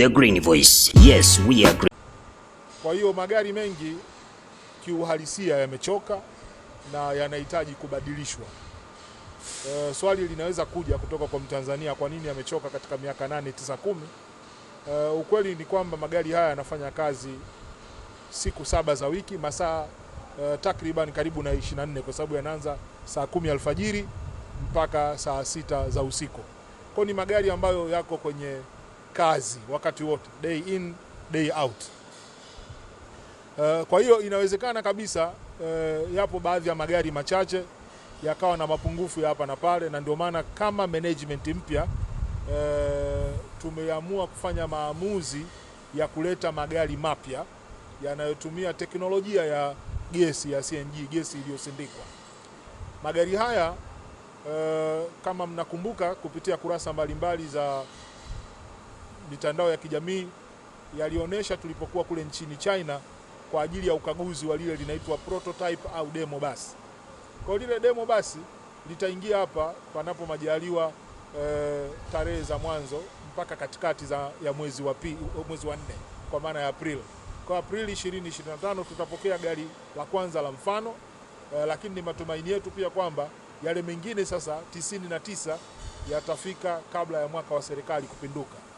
The Green Voice. Yes, we are green. Kwa hiyo magari mengi kiuhalisia yamechoka na yanahitaji kubadilishwa. E, swali linaweza kuja kutoka kwa Mtanzania, kwa nini yamechoka katika miaka nane tisa kumi? E, ukweli ni kwamba magari haya yanafanya kazi siku saba za wiki masaa e, takriban karibu na 24 kwa sababu yanaanza saa kumi alfajiri mpaka saa sita za usiku. Kwa ni magari ambayo yako kwenye kazi wakati wote, day in day out. Uh, kwa hiyo inawezekana kabisa uh, yapo baadhi ya magari machache yakawa na mapungufu ya hapa na pale, na ndio maana kama management mpya uh, tumeamua kufanya maamuzi ya kuleta magari mapya yanayotumia teknolojia ya gesi ya CNG, gesi iliyosindikwa. Magari haya uh, kama mnakumbuka kupitia kurasa mbalimbali za mitandao ya kijamii yalionyesha tulipokuwa kule nchini China kwa ajili ya ukaguzi wa lile linaitwa prototype au demo basi. Kwa lile demo basi litaingia hapa panapo majaliwa e, tarehe za mwanzo mpaka katikati za, ya mwezi wa, pi, mwezi wa nne kwa maana ya Aprili. Kwa Aprili 2025 tutapokea gari la kwanza la mfano e, lakini ni matumaini yetu pia kwamba yale mengine sasa tisini na tisa yatafika kabla ya mwaka wa serikali kupinduka.